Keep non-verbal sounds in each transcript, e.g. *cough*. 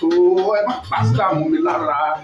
Oh, ẹ má pásítà mú mi lára.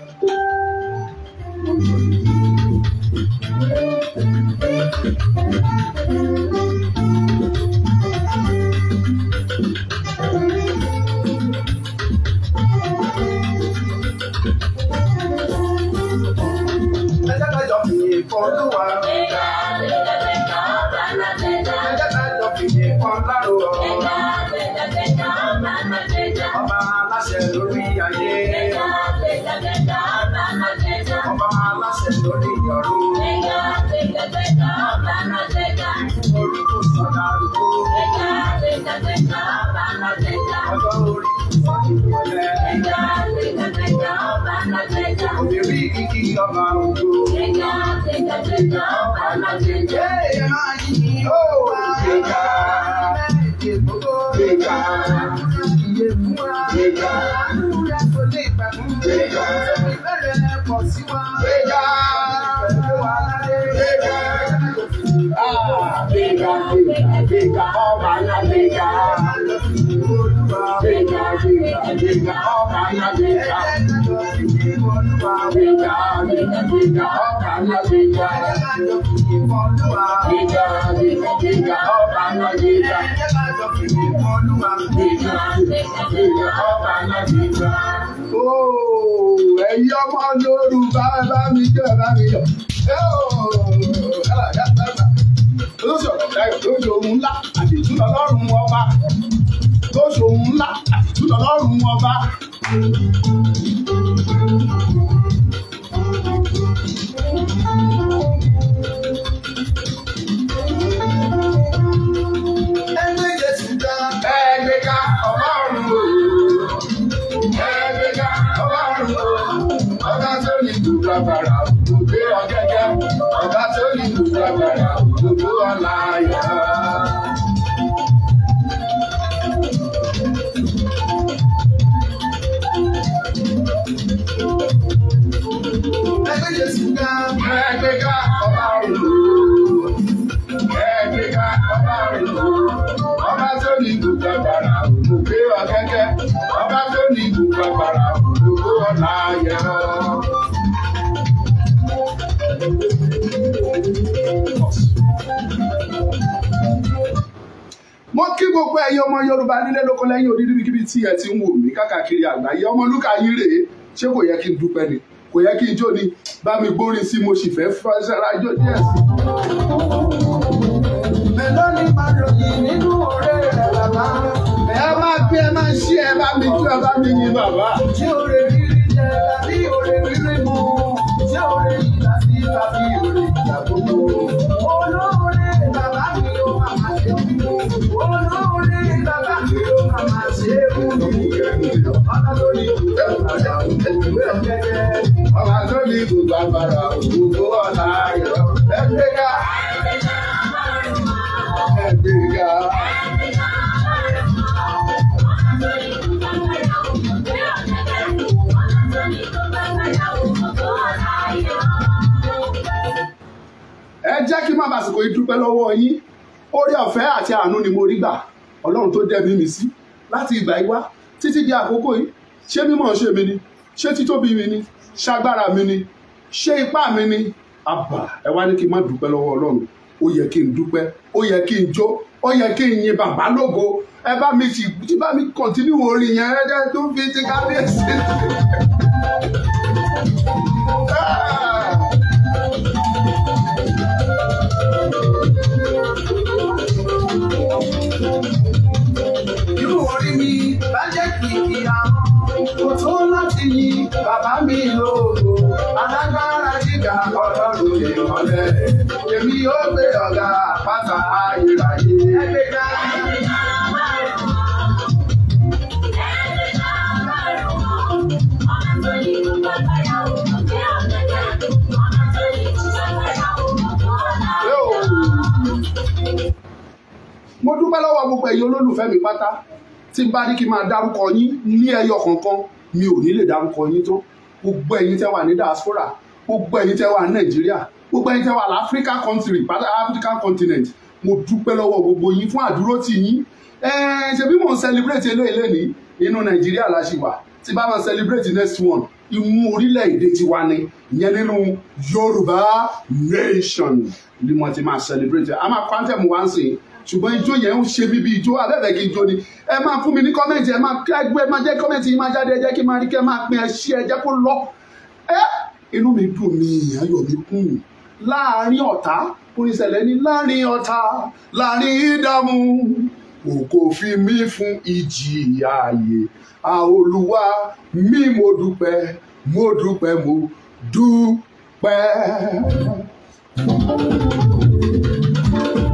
tẹ̀tẹ̀tẹ̀ ọba lọ́tẹ̀tẹ̀. Obìnrin kìkì ọba ògo. Tẹ̀tẹ̀ tẹ̀tẹ̀tẹ̀ ọba lọ́tẹ̀tẹ̀. Ẹ máa yí ó wá. Gbẹ̀gà. Gbẹ̀gà. Iye múra. Gbẹ̀gà. Múra kò lè gbàgbọ́. Gbẹ̀gà. Ìbẹ̀rẹ̀ pọ̀ sí wa. Gbẹ̀gà. Gbẹ̀gà. Gbẹ̀gà. Gbẹ̀gà. Ọba lọ́tẹ̀tẹ̀ gbéga ọba ńlá gbéga. Gbéga gbéga gbéga ọba ńlá gbéga. Gbéga gbéga gbéga ọba ńlá gbéga. Gbéga gbéga gbéga ọba ńlá gbéga. Ẹ̀yin ọmọ Yorùbá ẹ bá mi jẹ́ ẹ bá mi yọ̀. Olóṣèlú ọ̀gá ẹ̀ lóde ohun ńlá àti ìtúnlọ́lọ́run ọba tó ṣòun ńlá àtúntò ọlọ́run ọba. lágbára òkú gbé ọgẹgẹ ọgá tó ní kú lágbára òkú ọlá yá. mo kí gbogbo ẹ̀yin ọmọ yorùbá nílé lóko lẹ́yìn òdìdí bíkíbi tí ẹ ti ń wò mí káàkiri àgbáyé ọmọlúkà yín rèé ṣé kò yẹ kí n dúpẹ́ ni kò yẹ kí n jó ni bá mi gbórin sí mo sì fẹ́ fúnṣẹ́ra jó díẹ̀ sí. mélòó ni màlòyìn nínú ọ̀rẹ́ rẹ̀ bàbá. ẹ máa bí ẹ máa ṣí ẹ bá mi jó ẹ bá mi yin bàbá. ṣé òrè rírí jẹ lábí òrè rírí mu ṣé òrè yìí láti lábí òrè ìgbà kí má bàsìkò yìí dúpẹ́ lọ́wọ́ yín orí ọ̀fẹ́ àti àánú ni mo rí gbà ọlọ́run tó dẹ́mi mi sí láti ìgbà yìí wá títí di àkókò yìí ṣé mímọ̀ ṣe mi ni ṣé títóbi mi ni ṣagbára mi ni ṣé ipá mi ni àbà ẹ wá ní kí n má dúpẹ́ lọ́wọ́ ọlọ́run ó yẹ kí n dúpẹ́ ó yẹ kí n jó ó yẹ kí n yin bàbá lógo ẹ bá mi ti ti bá mi kọ̀ntínú orin yẹn ẹ jẹ́ tó fi ti kábíyèsí. *laughs* Ah! Irú orí mi bá jẹ́ kìkì àwọn. Kò tó láti yí bàbá mi lóògùn. Alágbára gíga ọlọ́run lè mọ́lẹ̀. Èmi yóò gbé ọ̀gá àpáta ayérayé. Ẹgbẹ́ náà. dúpẹ́ lọ́wọ́ gbogbo ẹ̀yin olólùfẹ́ mi pátá tí n bá ní kí n máa dárúkọ yín ní ẹyọ kọ̀ọ̀kan mi ò ní lè dárúkọ yín tó gbogbo ẹ̀yin tẹ́ wà ní diaspora gbogbo ẹ̀yin tẹ́ wà ní nàìjíríà gbogbo ẹ̀yin tẹ́ wà ní africa country african continent mo dúpẹ́ lọ́wọ́ gbogbo yín fún àdúró tì yín ṣe bí mò ń celebrate eléyìí lẹ́nìí inú nàìjíríà la ṣì wà tí bá máa celebrate next one inú orílẹ̀-èdè tiwa ni ìyẹn nínú yorùbá nation ni mo ti máa celebrate a máa kọ́ńtẹ̀ mu wá ń sìn ṣùgbọ́n ijó yẹn ń ṣe mí bí ijó abẹ́rẹ́ kí ijó ni ẹ máa fún mi ní kọ́mẹ́ǹtì ẹ máa kẹ́gbẹ́ ẹ máa jẹ́ kọ́mẹ́ǹtì yìí máa jáde ẹ jẹ́ kí n máa rí kẹ́ máa pín ẹ ẹ jẹ́ kó lọ. ẹ inú mi dùn ní ayọ̀ mi kún láàrin ọ̀tá oníṣẹ̀lẹ̀ ní láàrin ọ̀tá láàrin ìdààmú òkò fi mí fún ìjìyà ààyè àolúwa mi mo dúpẹ́ mo dúpẹ́ mo dúpẹ́. thank you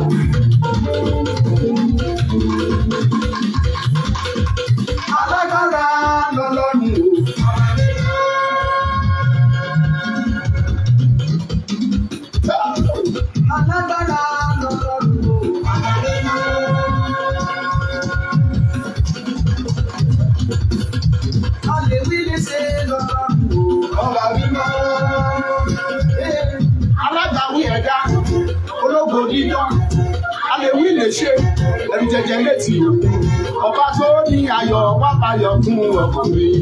jẹjẹ létí òkun ọba tó ní ayọ̀ wápayọ̀ fún ọkùnrin.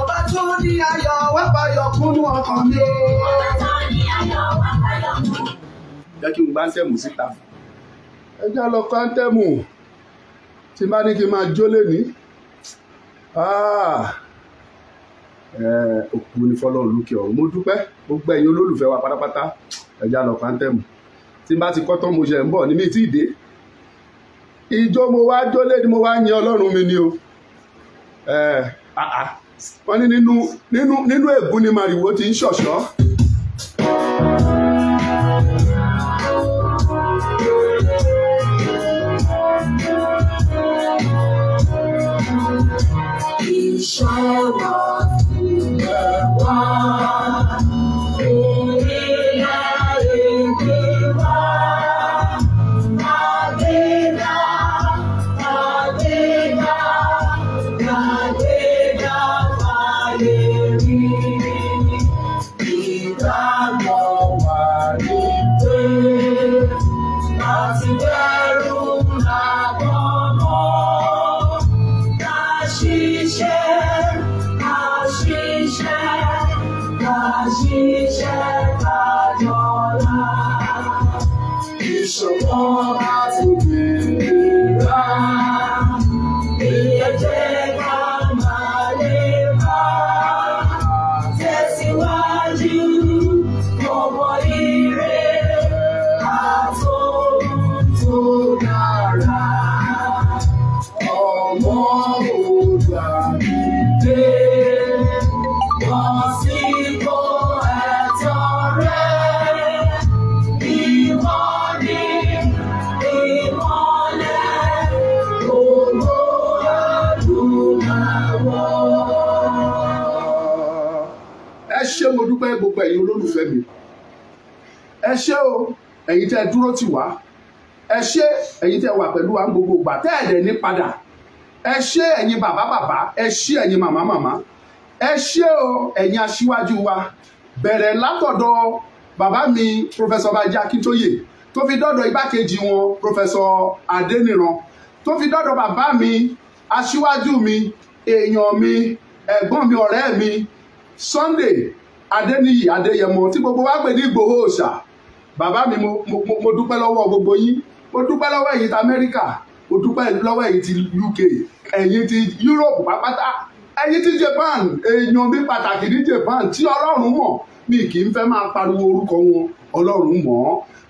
ọba tó ní ayọ̀ wápayọ̀ fún ọkùnrin. jẹ́ kí n gbá ń tẹ̀mù síta. ẹ jẹ́ lọ kọ́ ń tẹ̀mù tí bá ní kí n máa jó lénìí ah! òkú ni fọlọ́run lókè ọ̀run mo dúpẹ́ gbogbo ẹ̀yin olólùfẹ́ wa pátápátá ẹ̀já lọ pàǹtẹ̀mù tí bá ti kọ́ mo ṣe ń bọ̀ níbi tí ìdè ìjọ mo wá jólé ni mo wá yin ọlọ́run mi ni o wọ́n ní nínú nínú nínú ègún ni màrìwò ti ń ṣọ̀ṣọ́. Ìṣòro. ẹ̀yin olólùfẹ́ mi ẹ ṣé o ẹ̀yin tẹ́ ẹ dúró tì wá ẹ ṣé ẹ̀yin tẹ́ ẹ wà pẹ̀lú wa ń gbogbo gbà tẹ́ ẹ dẹ̀ ní padà ẹ ṣé ẹ̀yin bàbá bàbá ẹ ṣé ẹ̀yin màmá màmá ẹ ṣé o ẹ̀yin aṣíwájú wa bẹ̀rẹ̀ látọ̀dọ̀ bàbá mi pòfẹ́sọ̀ Bánjí Akíntóyè tó fi dọ́dọ̀ igbákejì wọn pòfẹ́sọ̀ Adéníran tó fi dọ́dọ̀ bàbá mi aṣíwájú mi èèyàn mi ẹ̀gbọ́n mi ọ̀rẹ́ mi Sunday adéníyì adéyẹmọ tí gbogbo wa pè ní ìgbòho òòṣà bàbá mi mo dúpẹ́ lọ́wọ́ gbogbo yín mo dúpẹ́ lọ́wọ́ ẹ̀yin ti amẹ́ríkà mo dúpẹ́ lọ́wọ́ ẹ̀yin ti uk ẹ̀yin ti europe pápátá ẹ̀yin ti japan èèyàn bí pàtàkì ní japan tí ọlọ́run mọ̀ mi kì í fẹ́ máa pariwo orúkọ wọn ọlọ́run mọ̀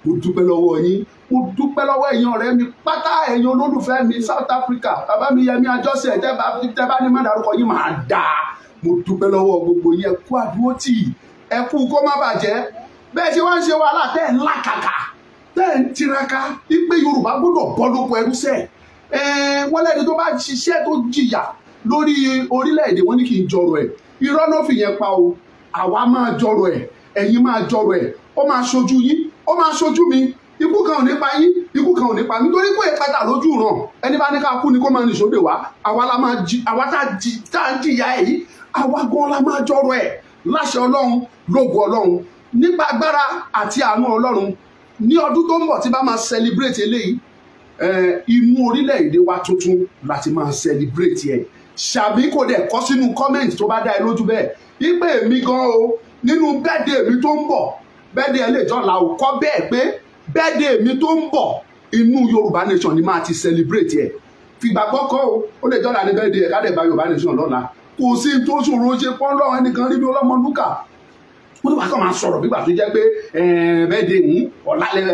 mo dúpẹ́ lọ́wọ́ yín mo dúpẹ́ lọ́wọ́ ẹ̀yin ọ̀rẹ́ mi pátá ẹ̀yin olólùfẹ́ mi south africa bàbá mi yẹmi àjọṣe ẹ̀jẹ̀ bá ní má dárúkọ yín máa dáa mo dúpẹ́ lọ́wọ́ gbogbo yín ẹ kú àdúró tì ẹ kú kó má bàjẹ́ bẹ́ẹ̀ ṣe wá ń ṣe wàhálà tẹ́ ẹ̀ ń tẹ́ ẹ̀ ń tiraka wípé Yorùbá gbọ́dọ̀ bọ́ lóko ẹrú sẹ́ ẹ wọ́n lẹ́ni tó bá ṣiṣẹ́ tó jìyà lórí orílẹ̀-èdè wọn ni kì í jọrọ̀ ẹ̀ irọ́ náà fìyẹn pa o àwa máa jọrọ̀ ẹ̀ ẹ̀yin máa jọrọ̀ ẹ̀ ó máa ṣojú yín ó máa ṣojú mi ikú kan ò nípa yín ikú kan ò nípa nítorí pé ìpàtà lójú ràn ẹni bá ní ká kú ni kó máa nìṣó dè wá àwa tá a jìyà ẹ̀ àwa gan la máa jọrọ ẹ̀ láṣẹ ọlọ́run lógo ọlọ́run nípa agbára àti àánú ọlọ́run ní ọdún tó ń bọ̀ tí bá máa celebrate eléyìí inú orílẹ̀-èdè wa tuntun láti máa celebrate ẹ̀ ṣàbí kò dẹ̀ kọ́ sínú comment tó bá dá ẹ lójú bẹ́ẹ̀ ipe èmi gan o nínú bẹ́ẹ̀dẹ̀ èmi tó ń bọ̀ bẹ́ẹ̀dẹ̀ ẹlẹ́jọ́ la ò kọ́ bẹ́ẹ̀ pé bẹ́ẹ̀dẹ̀ èmi tó ń bọ̀ inú yorùbá nation ni máa ti celebrate ẹ̀ fìgbà kọ́kọ́ o ó lè jọ́la ní bẹ́ẹ̀dẹ̀ ẹ̀ ká dẹ̀ kò sí tó ṣòro ṣe pọ́n lọ́wọ́ ẹnìkan rí bí ọlọ́mọ lúkà wọ́n ní wàá kàn máa sọ̀rọ̀ bígbà tó jẹ́ pé bẹ́ẹ̀ de ń ọ̀làlẹ̀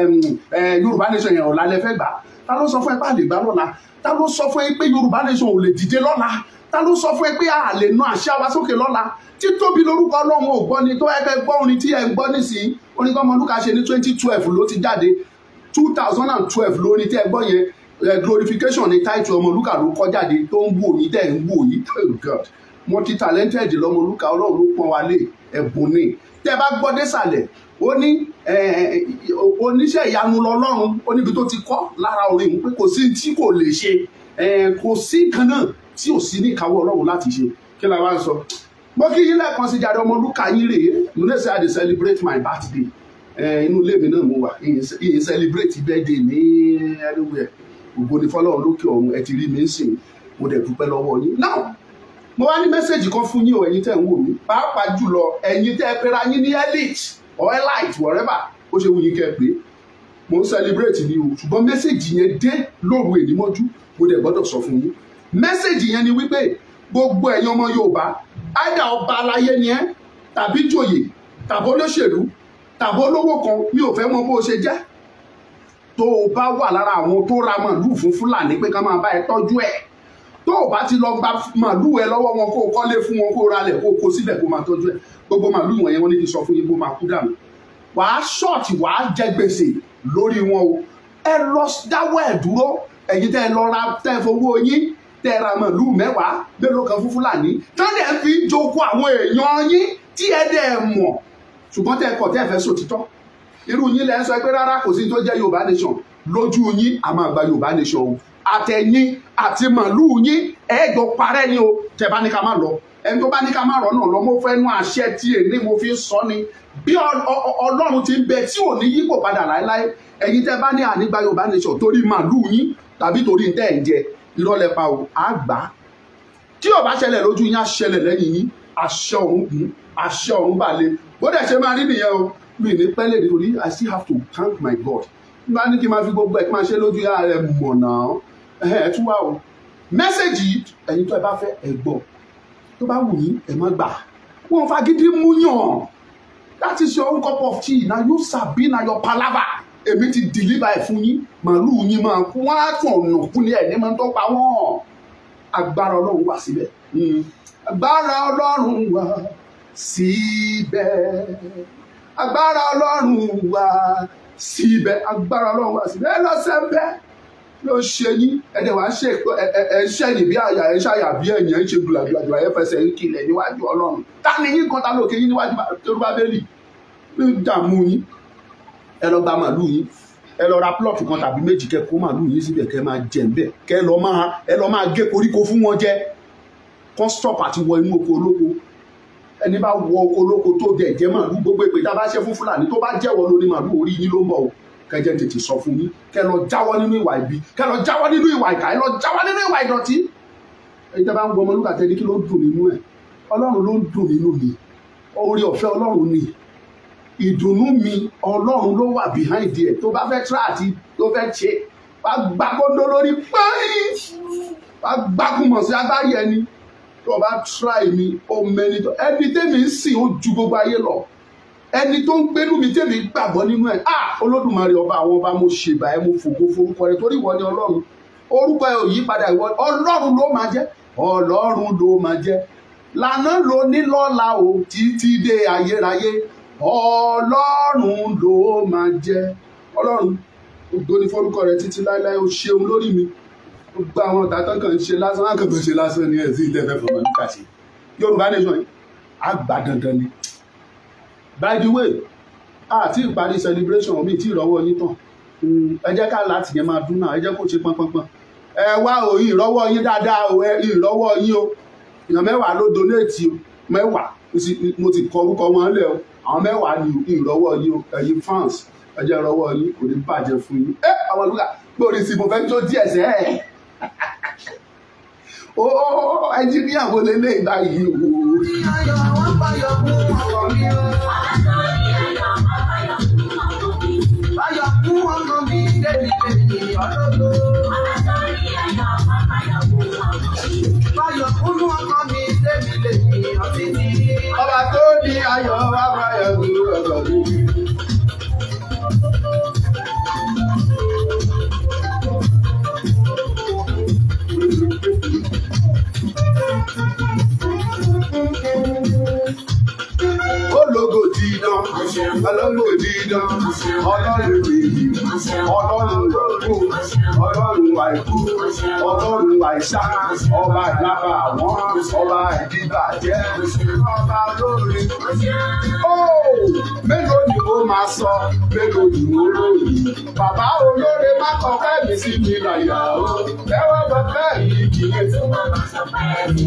yorùbá nation yẹn ọ̀làlẹ̀ fẹ́ gbà ta ló sọ fún ẹ pé a lè gbà lọ́la ta ló sọ fún ẹ pé yorùbá nation ò lè dìde lọ́la ta ló sọ fún ẹ pé a lè na àṣà wa sókè lọ́la títóbi lórúkọ ọlọ́run ò gbọ́ ni tó ẹ fẹ́ gbọ́ orin tí ẹ ń gbọ́ nísìnyí orin kan ṣe ní twenty twelve ló ti jáde two thousand and twelve lórí tí ẹ gbọ́ yẹn glorification ni title Ọmọlúkà ló kọ́ jáde tó ń wò yí dẹ́ ń wò yí oh God multi talented lọ́mọ olúkà ọlọ́run ló pọ́n wa lé ẹ̀bùn ni tẹ́ bá gbọ́ désàlẹ̀ ó ní oníṣẹ́ ìyanu lọ́lọ́run ó níbi tó ti kọ́ lára orin pé kò sí tí kò lè ṣe kò sí kan náà tí ò sí ní ìkáwọ́ ọlọ́run láti ṣe kí la wá ń sọ mo kí yín lẹ́ẹ̀kan sí jáde ọmọ olúkà yín rèé you know say i dey celebrate my birthday inú ilé mi náà mo wà ìyìn celebrate birthday ní everywhere ògbóni fọlọ́run lókè ọ̀run ẹ ti rí mi ń sìn mo dẹ̀ dúpẹ́ lọ́wọ́ yín now mo wá ní mẹ́sẹ̀gì kan fún yín o ẹ̀yin tẹ́ ń wò mí pàápàá jùlọ ẹ̀yin tẹ́ pera yín ní elite or elite whatever ó ṣe wù yín kẹ́ pé mo ń celebrate ni o ṣùgbọ́n mẹ́sẹ̀gì yẹn dé lóru èdè mọ́jú mo dẹ̀ gbọ́dọ̀ sọ fún yín mẹ́sẹ̀gì yẹn ni wípé gbogbo ẹ̀yin ọmọ Yorùbá áìdà ọba aláyé ni ẹ́ tàbí joyè tàbí olóṣèlú tàbí olówó kan mi ò fẹ́ mọ bó o ṣe jẹ́ tó o bá wà lára àwọn tó ra màlúù fún Fúlàní pé ká máa bá ẹ tọ́jú ẹ̀ tó o bá ti lọ gba màálù ẹ lọ́wọ́ wọn kó o kọ́lé fún wọn kó o ralẹ̀ kó o kó síbẹ̀ kó o máa tọ́jú ẹ̀ gbogbo màálù wọn yẹn wọ́n ní ti sọ fún yín kó o máa kú dànù wàá ṣọ́ọ̀tì wàá jẹ gbèsè lórí wọn o ẹ lọ dáwọ́ ẹ̀ dúró ẹ̀yin tẹ́ ẹ lọ ra tẹ́ ẹ fowó yín tẹ́ ẹ ra màálù mẹ́wàá mélòó kan fún fúlàní tọ́lẹ̀ ẹ fi jogún àwọn èèyàn yín tí ẹ dẹ̀ mọ̀ ṣùgbọ́n tẹ́ ẹ kọ̀ tẹ́ ẹ fẹ́ sòtítọ́ irú yín lẹ́ ń sọ pé rárá kò sí tó jẹ́ yorùbá nation lójú yín àmọ́ àgbà yorùbá nation àtẹ̀yìn àti màlúù yín ẹ̀ẹ́jọ parẹ́ ni o tẹ̀ bá ní ká má lọ ẹni tó bá ní ká má rọ̀ náà lọ mo fẹ́ nú àṣẹ tí èmi mo fi ń sọ ni bí ọlọ́run ti ń bẹ tí ò ní yípo padà láéláé ẹ̀yin tẹ́ bá ní ànígbá Yorùbá nation torí màlúù yín tàbí torí ń tẹ́ ẹ̀ ń jẹ ìrọ̀lẹ́pa o àgbà tí ò bá ṣẹlẹ̀ lójú yín á ṣẹlẹ̀ lẹ́yìn yín àṣẹ ọ̀hún gùn àṣẹ ọ̀hún bà lé bó dẹ̀ ṣe máa rí nìyẹn o mi ní pẹ́lẹ́ nítorí I still have to thank my God nígbà ní kí n máa fi gbogbo ẹ̀ kí n máa ṣe lójú yàrá rẹ̀ mọ̀ náà ẹ tún wá o mẹ́sẹ̀gì yìí ẹ̀yin tó ẹ bá fẹ́ ẹ gbọ́ tó bá wù yín ẹ má gbà wọn fagídí mú yàn that is your own cup of tea na you sabi na your palava èmi ti deliver ẹ̀ fún yín màálùú yín máa kú wọ́n á tún ọ̀nà kú ní ẹ̀ní máa ń tọ́pa wọ́n agbára ọlọ́run wà síbẹ̀ hmm. agbára ọlọ́run wà síbẹ̀ agbára ọlọ́run wà síbẹ̀ agbára ọlọ́run wà síbẹ̀ ẹ lọ sẹ́ńbẹ́ ló ń ṣe yín ẹ̀dẹ̀ wá ṣe ẹ̀ ṣe yìí bí àyà ẹ̀ ṣàyà bí ẹ̀yìn ẹ̀ ṣe gbùlàgbùlà ẹ̀ fẹsẹ̀ ń kilẹ̀ níwájú ọlọ́run ta ni yín kan ta ló ké yín níwájú yorùbá bẹ́ẹ̀lì ló ń dààmú yín ẹ lọ gba màlúù yín ẹ lọ ra plọ̀tù kan tàbí méjì kẹ kó màlúù yín síbẹ̀ kẹ máa jẹ ńbẹ̀ kẹ lọ máa ẹ lọ máa gé koríko fún wọn jẹ kán stop àti wọ inú oko olóko ẹni bá wọ oko olóko tó jẹ ìjẹ màlúù gbogbo ìpè tá a bá ṣe fún fúlàní tó kẹjẹ tètè sọ fún yín kẹ lọ jáwọ́ nínú ìwà ibi kẹ lọ jáwọ́ nínú ìwà ìkà ẹ lọ jáwọ́ nínú ìwà ìdọ̀tí. ìjọba ń gbọmọ lúkà tẹ́lẹ̀ kí ló ń dùn nínú ẹ̀ ọlọ́run ló ń dùn nínú mi orí ọ̀fẹ́ ọlọ́run ni ìdùnnú mi ọlọ́run ló wà behind ẹ̀ tó bá fẹ́ tra àti tó fẹ́ ṣe wá gbàgbọ́dọ́ lórí pẹ́ẹ́yì wá gbàkùmọ̀ sí agbáyé ẹni tó bá tra èmi ó mẹ́ni tó ẹni tẹ́mi ń sìn ó ju gbogbo ayé lọ ẹni tó ń gbénú mi tèmi gbàgbọ́ nínú ẹ̀ ah olódùmarè ọba àwọn ọba mo ṣèbà ẹ mo fògo forúkọ rẹ torí ìwọ ni ọlọ́run orúkọ ẹ ò yí padà ìwọ ọlọ́run ló máa jẹ́ ọlọ́run ló máa jẹ́ lànà ló ní lọ́la o títí dé ayérayé ọlọ́run ló máa jẹ́ ọlọ́run ògbóni forúkọ rẹ títí láéláé o ṣeun lórí mi gbogbo àwọn ọ̀tàtàn kan ṣe lásán láǹkàn tó ṣe lásán ní ẹ̀sìn ilé ẹ̀fẹ́ fún ọmọ nípa ṣe yorùbá nation àgbà dandan ni by the way àti ìparí celebration mi tí ìrọwọ́ yín tàn ẹ jẹ́ ká láti yẹn máa dún náà ẹ jẹ́ kó ṣe pọnpọnpọn ẹ wá o ìrọwọ́ yín dáadáa o ìrọwọ́ yín o èèyàn mẹ́wàá ló donate o mẹ́wàá mo ti kọ orúkọ wọn lẹ o àwọn mẹ́wàá ni ìrọwọ́ yín o ẹ̀yin fans ẹ jẹ́ ìrọwọ́ yín kò ní bàjẹ́ fún yín ẹ àwọn olùkà gbòòrì sí mo fẹ́ jó díẹ̀ sẹ́ ẹ̀ *laughs* ó ẹnjíníà wo lélẹ́yìn báyìí o. ìyá yọ̀ wọ́n payọ̀ fún ọkọ̀ mi o. Ọba tó ní ayọ̀ wá dídán, ọlọ́gbò dídán, ọlọ́run dídán ọlọ́run òkú ọlọ́run ọba ìlábà àwọn ọba ìdíbàjẹ́ ọba lórí. mélòó ni mo máa sọ mélòó ni mo lóyún bàbá olóore má kọ kẹ́mi sí mi láyà o ẹ wá bọ bẹ́ẹ̀ yìí kì í. ẹ tún máa sọ pé ẹ ti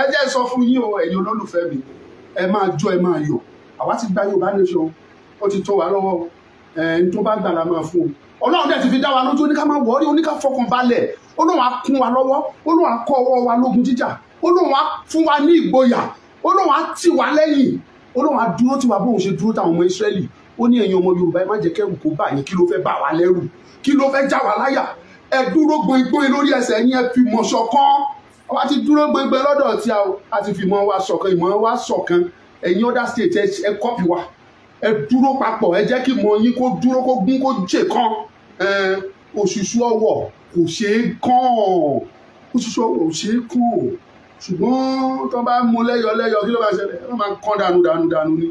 ẹ jẹ́ sọ fún yín o ẹ̀yin olólùfẹ́ mi ẹ máa jó ẹ máa yọ̀ àwa ti gba Yorùbá nation ó ti tó wa lọ́wọ́ ẹ̀ ń tó bá gbà la máa fún o Ọlọ́run dẹ̀ ti fi dá wa lójú oníká máa wọrí oníká fọkàn balẹ̀ Ọlọ́run á kún wa lọ́wọ́ Ọlọ́run á kọ́ ọwọ́ wa lógun jíjà Ọlọ́run á fún wa ní ìgboyà Ọlọ́run á tì wá lẹ́yìn Ọlọ́run á dúró tì wá bóun ṣe dúró táwọn ọmọ Ísírẹ́lì ó ní ẹ̀yin ọmọ Yorùbá ẹ má jẹ́ kẹ́rù kó bà yín kí ló fẹ́ bà wá lẹ́rù kí ló fẹ́ já wa láyà ẹ dúró gboyìngboyìn lórí ẹsẹ̀ yín ẹ fi mọ̀ṣọ̀kan àwa ti dúró gbẹgbẹ lọ́dọ̀ tí a ti fi ìmọ̀ wa ṣọ̀kan ìmọ̀ wa ṣọ̀kan ẹ̀yin other state ẹ kọ́pì wa ẹ dúró papọ̀ ẹ jẹ́ kí ìmọ̀ yín kó dúró kó gún kó jè kan òṣùṣù ọwọ̀ kò ṣeé kàn òṣùṣù ọwọ̀ kò ṣeé kàn ṣùgbọ́n tó bá mú lẹ́yọ lẹ́yọ kí ló bá ṣẹlẹ̀ wọ́n máa kán dànù dànù dànù ni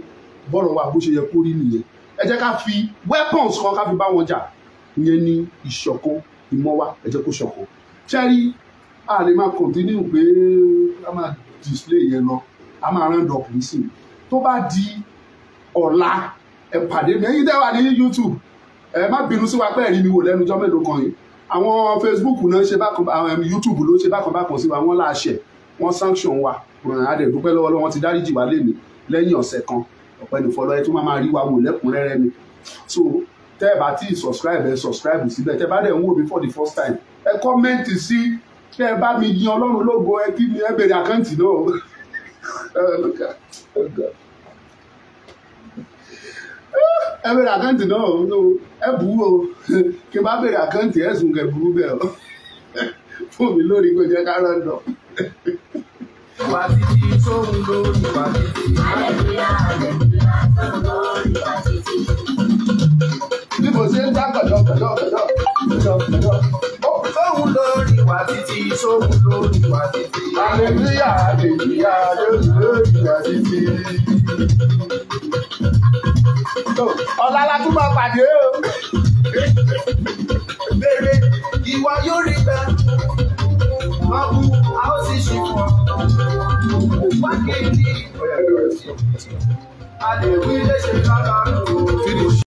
bọ́ọ̀rọ̀ wa bó ṣe yẹ kó rí nìyẹn ẹ jẹ́ ká fi weapons kan ká fi bá wọn jà ìyẹn ní ìṣọ̀kan ìmọ̀ wa ẹ jẹ́ kó ṣọ̀kan ṣẹ́rí a lè máa continue pé a máa display yẹn lọ a máa round up nísìnyí tó bá di ọ̀la ẹ pàdé mi ẹ̀yin tẹ́ wà ní YouTube ẹ má bínú sí wa pé ẹ̀rí mi wò lẹ́nu jọ́ mélòó kan yìí àwọn Facebook náà ṣe bákan àwọn YouTube ló ṣe bákan bákan sí wa wọ́n láṣẹ wọ́n sanction wa adẹ̀dúpẹ́ lọ́wọ́lọ́wọ́ wọ́n ti dáríjì wá lé mi lẹ́yìn ọ̀sẹ̀ kan ọ̀pẹ́ nìfọlọ́ ẹ tún máa máa rí wa wò lẹ́kùnrẹ́rẹ́ mi so tẹ́ ẹ bá tí ì subscribe ẹ subscribe síbẹ̀ tẹ́ bá dẹ̀ ń wò mí for the first time ẹ kọ́mẹ́ǹtì sí tẹ ẹ bá mi yin ọlọ́run lógo ẹ kí ni ẹ bèrè àkáǹtì náà ẹ bèrè àkáǹtì náà ẹ bù ú o kí n bá bèrè àkáǹtì ẹ sùn kẹ burú bẹ́ẹ̀ o fún mi lórí kò jẹ́ ká rán dọ̀. Wà á ti di sóhun lórí wà á ti di. Àlẹ́bíyá àlẹ́bíyá sóhun lórí wà á ti di. Bí mo ṣe ń dá kọ̀dọ̀ kọ̀dọ̀ kọ̀dọ̀ kọ̀dọ̀ kọ̀dọ̀ títí sóhun lórí wa títí. Aleluya, aleluya, lórí lórí wa títí. Ọ̀la la tún máa pàdé o. Bèrè ìwà yóò rí bẹ́ẹ̀. Má bu, a ó sì ṣe fún ọ. Wá kéde. A lè wí léṣe lára